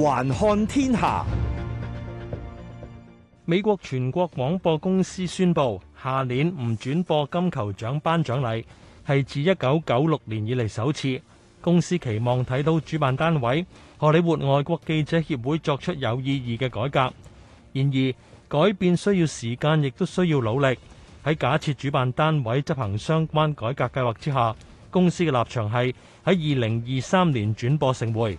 環看天下。美國全國廣播公司宣布，下年唔轉播金球獎頒獎禮，係自一九九六年以嚟首次。公司期望睇到主辦單位《荷里活外國記者協會》作出有意義嘅改革。然而，改變需要時間，亦都需要努力。喺假設主辦單位執行相關改革計劃之下，公司嘅立場係喺二零二三年轉播盛會。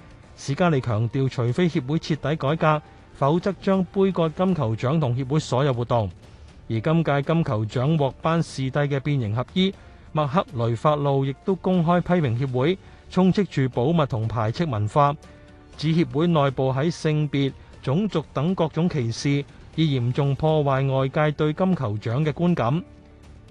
施嘉莉強調，除非協會徹底改革，否則將杯葛金球獎同協會所有活動。而今屆金球獎獲頒視帝嘅變形俠醫，麥克雷法路亦都公開批評協會充斥住保密同排斥文化，指協會內部喺性別、種族等各種歧視，已嚴重破壞外界對金球獎嘅觀感。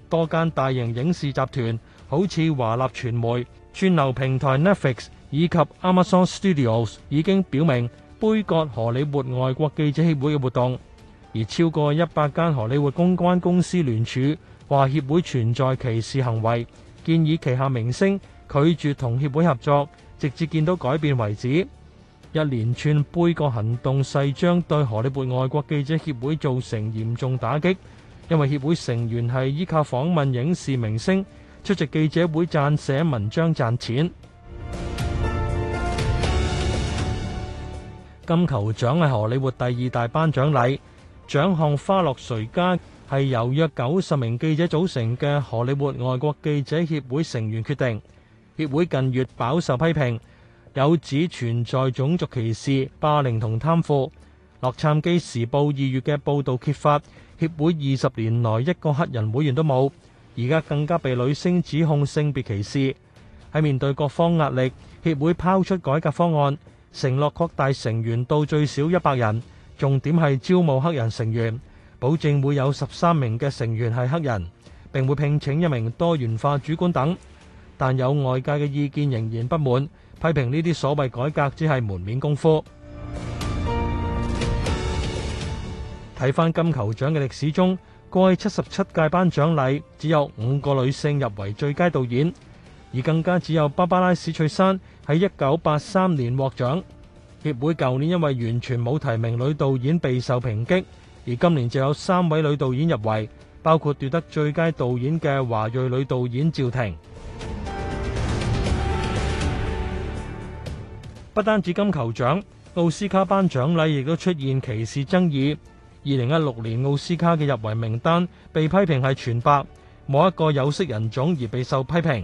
多間大型影視集團，好似華納傳媒、串流平台 Netflix，以及 Amazon Studios 已經表明杯葛荷里活外國記者協會嘅活動，而超過一百間荷里活公關公司聯署，話協會存在歧視行為，建議旗下明星拒絕同協會合作，直至見到改變為止。一連串杯葛行動勢將對荷里活外國記者協會造成嚴重打擊，因為協會成員係依靠訪問影視明星、出席記者會、撰寫文章賺錢。金球獎係荷里活第二大頒獎禮，獎項花落誰家係由約九十名記者組成嘅荷里活外國記者協會成員決定。協會近月飽受批評，有指存在種族歧視、霸凌同貪腐。洛杉磯時報二月嘅報導揭發，協會二十年來一個黑人會員都冇，而家更加被女星指控性別歧視。喺面對各方壓力，協會拋出改革方案。承諾擴大成員到最少一百人，重點係招募黑人成員，保證會有十三名嘅成員係黑人，並會聘請一名多元化主管等。但有外界嘅意見仍然不滿，批評呢啲所謂改革只係門面功夫。睇返金球獎嘅歷史中，過去七十七屆頒獎禮只有五個女性入圍最佳導演。而更加只有芭芭拉史翠珊喺一九八三年獲獎。協會舊年因為完全冇提名女導演，備受抨擊。而今年就有三位女導演入圍，包括奪得最佳導演嘅華裔女導演趙婷。不單止金球獎，奧斯卡頒獎禮亦都出現歧視爭議。二零一六年奧斯卡嘅入圍名單被批評係全白，冇一個有色人種而備受批評。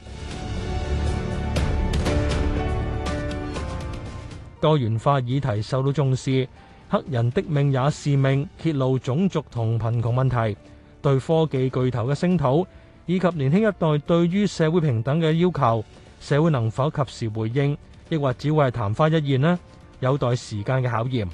多元化議題受到重視，黑人的命也是命，揭露種族同貧窮問題，對科技巨頭嘅聲討，以及年輕一代對於社會平等嘅要求，社會能否及時回應，抑或只會係曇花一現呢？有待時間嘅考驗。